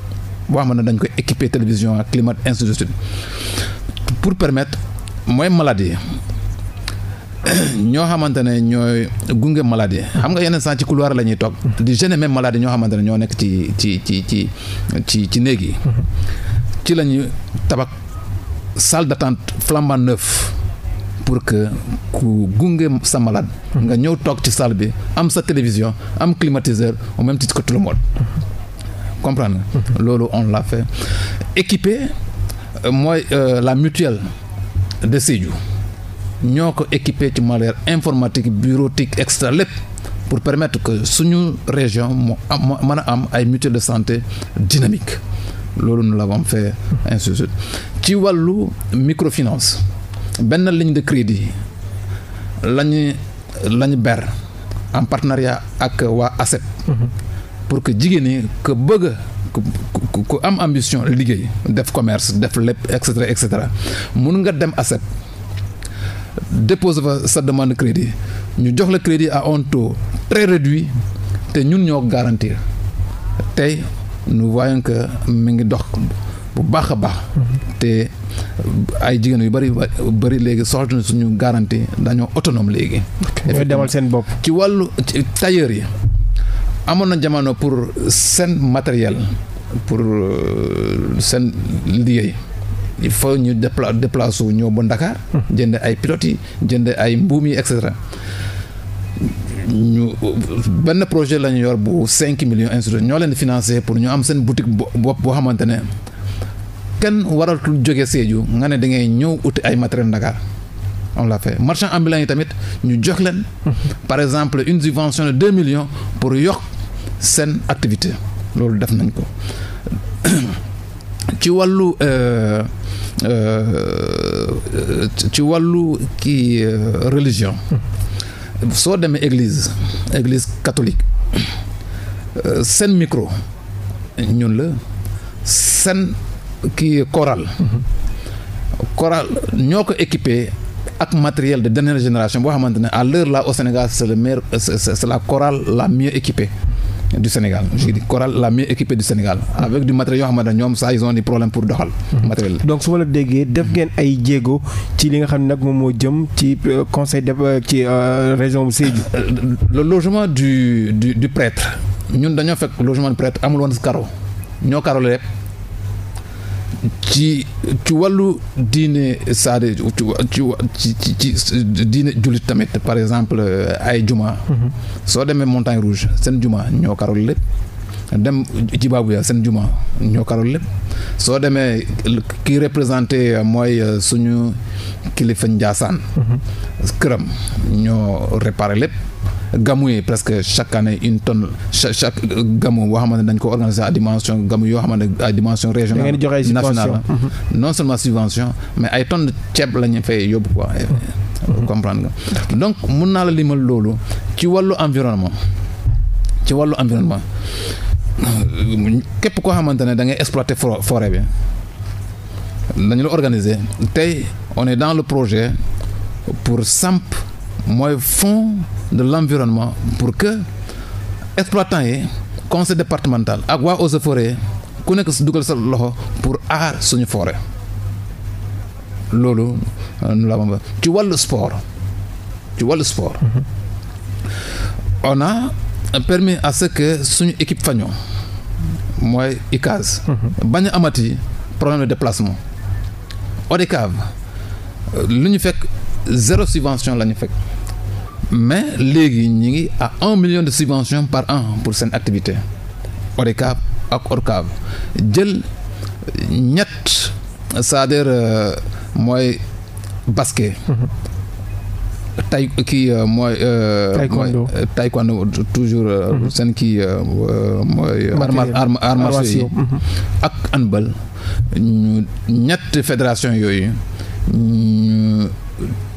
Speaker 2: boo xam ne dañ koy équiper télévision ak climat ainsi pour permettre mooy maladie ñoo xamante ne ñooy gunge maladie xam nga yenn saa ci couloir la ñuy toog di gêner même maladie ñoo xamante ne ñoo nekk ci ci ci ci ci ci néeg yi mhm. ci la ñuy salle d'attente flambant neuf pour que ku gunge sa malade. nga ñëw toog ci salle bi am sa télévision am climatiseur au même titre que tout le monde. loolu on l'a fait équipé euh, mooy euh, la mutuelle de Sédhiou ñoo ko équipé ci malaire informatique bureautique extra lépp pour permettre que suñu région mu am mën a am ay mutuel de santé dynamique loolu nous l'avons fait ainsi de suite ci wàllu microfinance benn ligne de crédit lañu lañu ber en partenariat ak waa ACEP. Mhm. pour que jigéen ñi bëgg ku ku am ambition liggéey def commerce def lépp et cetera et cetera mun nga dem ACEP dépose fa sa demande crédit ñu jox la crédit à on taux très réduit te ñun ñoo garantir tey nous voyons que mi ngi dox. bu baax a baax. te ay jigéen yu bari bari léegi soxla na suñu garantie dañoo autonome léegi. ñooy demal seen bopp. ci wàllu tailleur yi amoon na jamono pour seen matériel pour euh, seen liggéey. il faut ñu dépla déplacé wu ñëw ba Dakar. Hmm. jënd ay pilotes yi jënd ay mbuum yi et cetera ñu benn projet la yor bu cinq millions institut ñoo leen financé pour ñu am seen boutique bopp boo xamante kenn waratul jóge Sédhiou nga ne da ngay ñëw uti ay matériel Dakar on l'a fait marchand ambulant tamit ñu jox leen par exemple une subvention de deux millions pour yokk seen activité loolu def nañ ko ci wàllu euh, euh, ci wàllu kii euh, religion soo demee église église catholique seen micro ñun la seen kii Coral. koral ñoo ko équipé ak matériel de dernière génération boo xamante ne à l'heure la au Sénégal c'est le la Coral la mieux équipée du Sénégal je dis Coral la mieux équipée du
Speaker 1: Sénégal avec du matériel yoo xamante ne ñoom sax ils ont des problèmes pour doxal matériel donc su ma la déggee def ngeen ay jéego ci li nga xam ne nag moom moo jëm ci euh, conseil de euh, ci euh, région bu Sédhiou le logement du du du prêtre ñun dañoo fekk logement du prêtre amul woon karo
Speaker 2: ñoo karo lépp ci ci wàllu diine saade ci ci ci ci diine jullit tamit par exemple euh, ay juma. Mhm. soo demee montagne rouge seen juma ñoo karol lépp. dem Djibabouya seen juma ñoo karol lépp soo demee ki représenté euh, mooy euh, suñu kilifa Njaasaan mhm. këram ñoo réparé lépp. gamu yi presque chaque année une ton chaque chaque gamu boo ne dañ ko organiser à dimension gamu yoo xamante ne à dimension régionale nationale mm-hmm. non seulement subvention mais ay tonnes ceeb la ñu fay yóbbu quoi mm-hmm. Mm-hmm. comprendre nga donc mun naa la limal loolu ci wàllu environnement ci wàllu environnement képp koo xamante ne da ngay exploiter forêt bi dañu la organiser tey on est dans le projet pour samp mooy fonds de l'environnement pour que exploitant yi conseil départemental ak waa eaux et forêt ku nekk si dugal sa loxo pour aar suñu forêt loolu nu la ba ci wàllu sport ci wàllu sport mm-hmm. on a à ce que suñu équipe faño mooy ICAS mm-hmm. bañ a amati problème de déplacement ODCAV lu ñu fekk zéro subvention la fekk mais léegi ñu ngi a un million de subventions par an pour seen activité ODCAV ak ORCAV jël ñett c'est-à-dire euh, mooy basket. Mhm. tay kii euh, mooy. Euh, taekwondo taekwondo toujours. Mhm. seen kii mooy. arme arme yi mhm. ak handball ñu ñett fédération yooyu
Speaker 1: ñu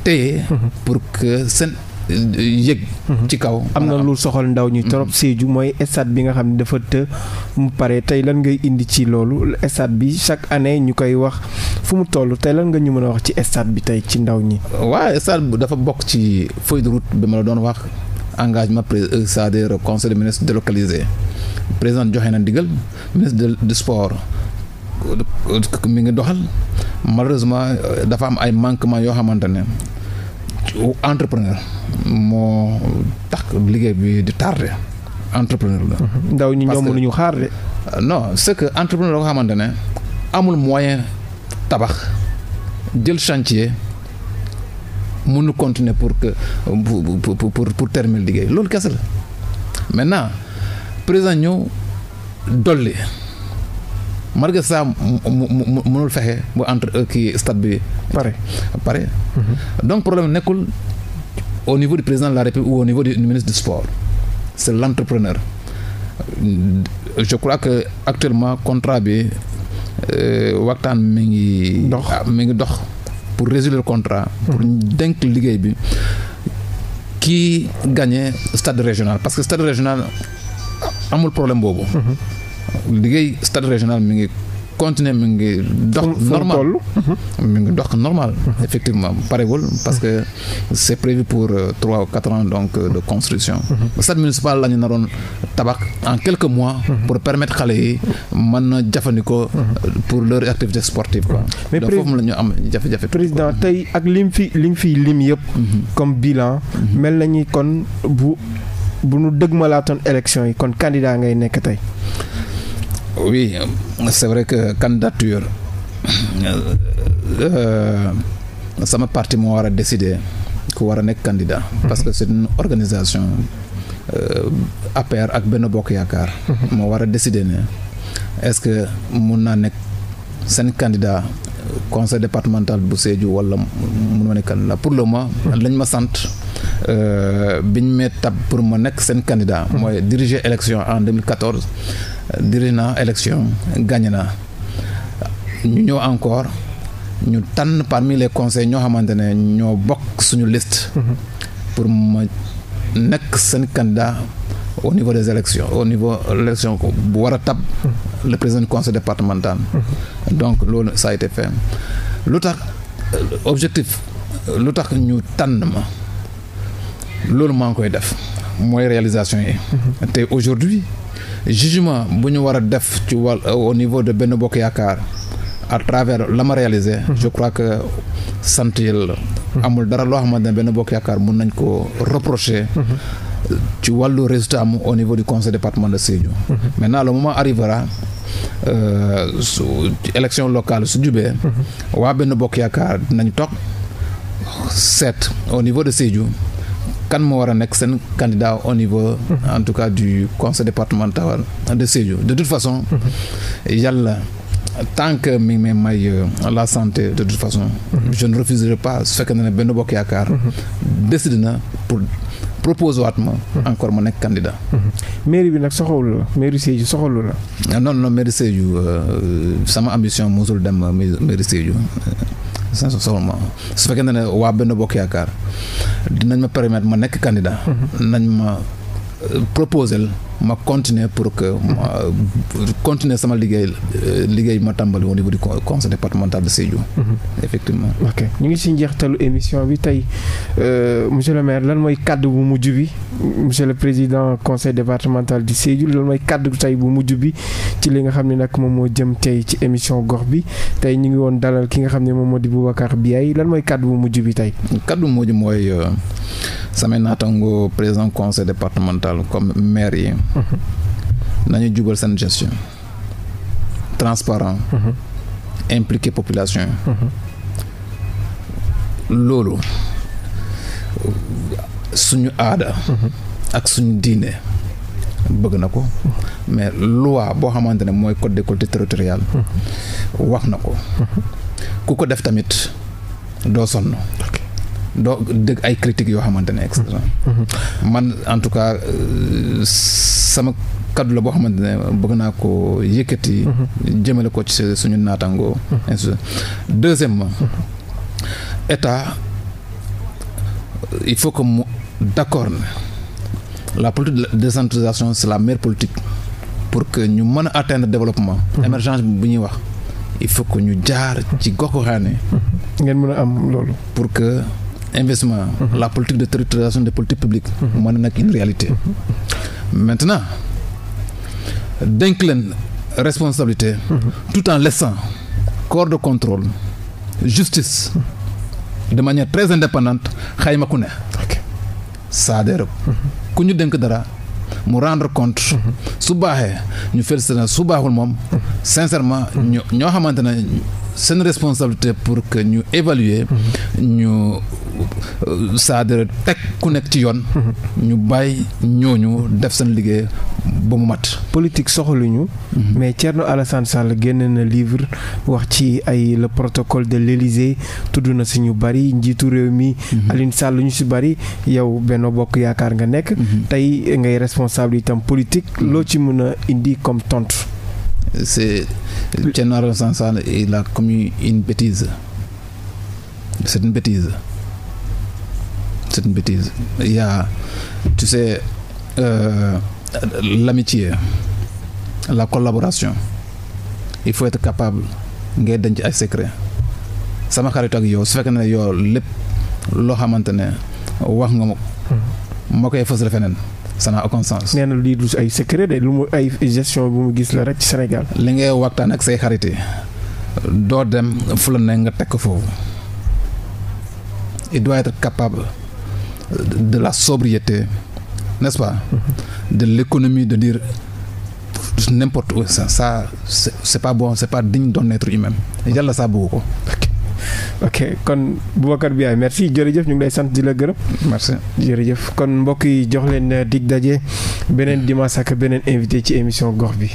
Speaker 1: téye. pour que seen. yëg. Mhm. ci kaw am na lu soxal ndaw ñi trop mhm. Sédhiou mooy stade bi nga xam ne dafa të mu pare tey lan ngay indi ci loolu stade bi chaque année ñu koy wax fu mu toll tey lan nga ñu mën a wax ci stade bi tey ci ndaw ñi. waaw stade bi dafa bokk ci feuille de route bi ma la doon wax
Speaker 2: engagement président euh, c'est-à-dire conseil des président joxe na ndigal ministre du sport. Euh, euh, mi ngi doxal malheureusement dafa am ay manquement yoo xamante ne entrepreneur moo tax liggéey bi di tardé entrepreneur la. ndaw ñi ñoom mënuñu xaar de. non c'est que entrepreneur la xamante ne amul moyen tabax jël chantier mënu continuer pour que pour pour pour, pour terminer liggéey loolu kese la maintenant président ñëw dolli. malgré ça mu mënul fexe ba entre euh, kii stade bi. pare pare. Mhm. donc problème nekkul au niveau du président la République ou au niveau du ministre du sport c'est l'entrepreneur euh, je crois que actuellement contrat bi euh, waxtaan mi ngi. dox ah, mi ngi dox pour résoudre contrat. pour mhm. denk liggéey bi. kii gagné stade régional parce que stade régional amul problème boobu. Mhm. liggéey stade régional mi ngi continuer mi ngi dox normal mhm. mi ngi dox normal effectivement parewul parce que c'est prévu pour euh, trois ou quatre ans donc euh, de construction mhm. stade municipal la ñu naroon tabax en quelques mois mhm. pour permettre xale yi mën na jafandikoo euh, pour leur activité sportive quoi donc
Speaker 1: la ñu am jafe-jafe président tey ak lim fi lim fi lim yëpp comme bilan mel na ñi kon bu bu nu dëgmalaatoon élection yi kon candidat ngay nekk tey oui c'est vrai que candidature euh, euh,
Speaker 2: sama parti moo war a décider ku war a nekk candidat. parce que c'est une organisation euh, APR ak benn Bokk Yaakaar. Mhm. moo war a décidé ne est-ce que mun naa nekk seen candidat conseil départemental bu Sédhiou wala mun ma ne kan pour le moment lañ ma sant euh, biñ ma tab pour ma nekk seen candidat mooy diriger élection en 2014 dirige naa na gagné naa ñu ñëw encore ñu tànn parmi les conseils ñoo xamante ne ñoo bokk suñu liste mhm. pour ma nekk seen candidat au niveau des élections au niveau l'élection bu war a tab le président du conseil départemental donc loolu ça a été lu tax euh, objectif lu tax ñu tànn ma loolu maa ngi koy def mooy réalisation yi te aujourd'hui jugement bu ñu war a def ci wàll euh, au niveau de benn Bokk Yaakaar à travers la ma réalisé je crois que sant yàlla amul dara loo xamante ne benn Bokk Yaakaar mun nañ ko reprocher ci wàllu résultat am au niveau du conseil département de Sédhiou. Mhm. maintenant le moment arrivera euh, su élection locale su jubee. Mhm. waa benn bokk yaakaar dinañ toog seet au niveau de Sédhiou. kan moo war a nekk seen candidat au niveau mhm. en tout cas du conseil départemental de Sédhiou de toute façon yàlla tant que mi ngi may euh, la santé de toute façon je ne pas su fekkee ne Benno Bokk Yaakaar décide na pour proposé waat ma. Mhm. encore ma nekk candidat.
Speaker 1: Mhm. mairie bi nag soxalu la mairie Sédhiou soxalu la. Ah, non non
Speaker 2: mairie Sédhiou euh, sama ambition mosul dem mairie Sédhiou. sans euh, soxla su fekkee ne waa benn bokk yaakaar dinañ ma permettre ma nekk candidat. Mhm. nañ ma euh, proposé ma continuer pour que ma continuer sama liggéey liggéey ma tàmbali au niveau du conseil départemental de Sédhiou. Mhm. effectivement.
Speaker 1: ok ñu ngi si njeextalu émission bi tey euh, monsieur le maire lan mooy kàddu bu mujj bi monsieur le président conseil départemental du Sédhiou lan mooy kàddu tey bu mujj bi ci li nga xam ni nag moom moo jëm tey ci émission gox bi tey ñu ngi woon dalal ki nga xam ne moom moo di bu bi Biaye lan mooy kàddu bu mujj bi tey.
Speaker 2: kàddu bu mujj mooy euh, sama naatango président conseil départemental comme maire yi.
Speaker 1: Mm-hmm.
Speaker 2: nañu jubal seen gestion transparent mm-hmm. impliqué population mm-hmm. loolu suñu aada ak suñu diine bëgg na ko mais loi boo xamante ne mooy code des collectivités territoriales wax na ko ku ko def tamit doo sonn doo dëgg ay critiques yoo xamante ne mhm. Mhm. man en tout cas euh, sama kaddu la boo xamante ne bëgg naa ko yëkkati mhm. jëmale ko ci suñu naataangoo deuxièmement état il faut que mu d'accord la politique de décentralisation c'est la meilleure politique pour que ñu mën a atteindre développement émergence bu ñuy wax il faut que ñu jaar ci gox goxaane ngeen mën a am loolu investissement. Mhm. la politique de territorialisation des politiques publiques. Mhm. mën na nekk une réalité. Mhm. maintenant denk leen responsabilité. tout en laissant corps de contrôle justice. de manière très xayma ku ne. cest ku ñu dénk dara mu rendre compte. su baaxee ñu félicité na su baaxul moom. sincèrement ñoo xamante ne seen responsabilité pour que ñu évaluer ñu cest à teg ku nekk ci yoon. Mhm. ñu
Speaker 1: bàyyi ñooñu def seen liggéey ba mu mat. politique soxaluñu. Mhm. mais Thierno Alassane Sall génn na livre wax ci ay le protocole de l'Élysée tudd na si ñu bari njiitu réew mi. Mhm. Alioune Sall ñu si bari yow benn Bokk Yaakaar nga nekk. tey ngay responsable itam politique loo ci mën a indi comme tontu. c'est Thierno Alassane Sall il a une bêtise
Speaker 2: c'est une bêtise. c'est une bêtise. Il y a, tu sais, euh, l'amitié, la collaboration. Il faut être capable ngay denc ay secret sama xarit ak yow su fekkee ne yow lépp loo xamante ne wax nga ma. moo hmm. koy fësal feneen. ça n'a aucun sens. nee na lii ay secret de lu mu ay gestion bu mu gis la rek ci Sénégal. li ngay waxtaan ak say xarit yi doo dem fu la ne nga teg foofu. il doit être capable. de la sobriété, n'est-ce pas mm-hmm. De l'économie, de dire n'importe où, ça, ça c'est pas bon, c'est pas digne d'un être humain. yàlla saa bëgg ko.
Speaker 1: ok kon Boubacar Biaye merci jërëjëf ñu ngi lay sant di la gërëm. merci jërëjëf kon mbokk yi jox leen dig daje beneen dimanche ak beneen invité ci émission gox bi.